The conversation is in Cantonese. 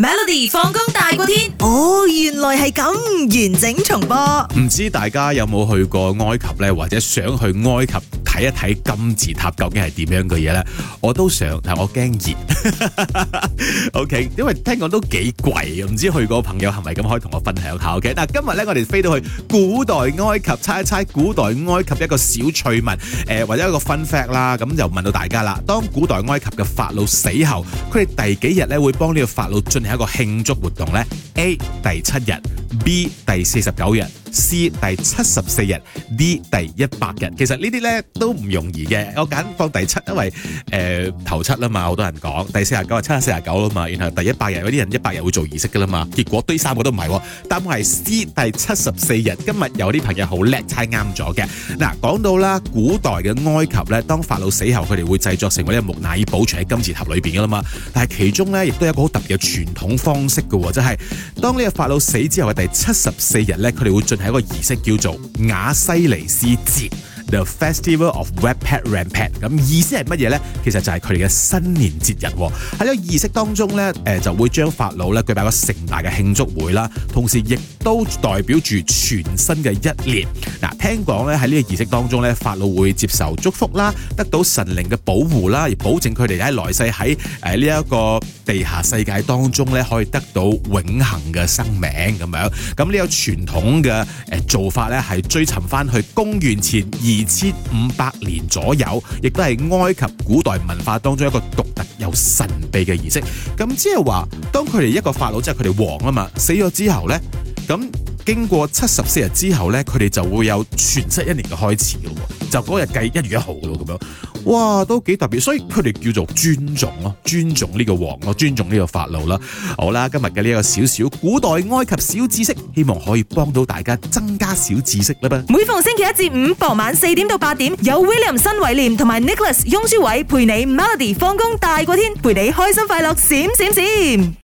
Melody 放工大過天，哦，原來係咁，完整重播。唔知大家有冇去過埃及呢？或者想去埃及？睇一睇金字塔究竟係點樣嘅嘢呢，我都想，但係我驚熱。OK，因為聽講都幾貴，唔知去過朋友係咪咁可以同我分享下？OK，嗱，今日呢我哋飛到去古代埃及，猜一猜古代埃及一個小趣聞，誒或者一個 fun fact 啦，咁就問到大家啦。當古代埃及嘅法老死後，佢哋第幾日呢會幫呢個法老進行一個慶祝活動呢？A 第七日，B 第四十九日。C 第七十四日，D 第一百日。其實呢啲呢都唔容易嘅。我揀放第七，因為誒、呃、頭七啦嘛，好多人講第四十九啊，七十四十九啦嘛。然後第一百日，有啲人一百日會做儀式噶啦嘛。結果堆三個都唔係，但係 C 第七十四日，今日有啲朋友好叻，猜啱咗嘅。嗱，講到啦，古代嘅埃及呢，當法老死後，佢哋會製作成為一木乃伊，保存喺金字塔裏邊噶啦嘛。但係其中呢，亦都有一個好特別嘅傳統方式嘅、哦，就係、是、當呢個法老死之後嘅第七十四日呢，佢哋會進。係一個儀式，叫做雅西尼斯節。The Festival of Wepet Renpet，咁意思係乜嘢咧？其實就係佢哋嘅新年節日。喺呢個儀式當中咧，誒就會將法老咧舉辦個盛大嘅慶祝會啦，同時亦都代表住全新嘅一年。嗱，聽講咧喺呢個儀式當中咧，法老會接受祝福啦，得到神靈嘅保護啦，而保證佢哋喺來世喺誒呢一個地下世界當中咧可以得到永恆嘅生命咁樣。咁呢個傳統嘅誒做法咧係追尋翻去公元前二。二千五百年左右，亦都係埃及古代文化當中一個獨特又神秘嘅儀式。咁即係話，當佢哋一個法老即係佢哋王啊嘛，死咗之後呢。咁。經過七十四日之後呢，佢哋就會有全新一年嘅開始咯。就嗰日計一月一號咯，咁樣，哇，都幾特別。所以佢哋叫做尊重咯，尊重呢個王咯，尊重呢個法老啦。好啦，今日嘅呢一個少少古代埃及小知識，希望可以幫到大家增加小知識啦噃。每逢星期一至五傍晚四點到八點，有 William 新偉廉同埋 Nicholas 雍書偉陪你 Melody 放工大過天，陪你開心快樂閃閃閃閃。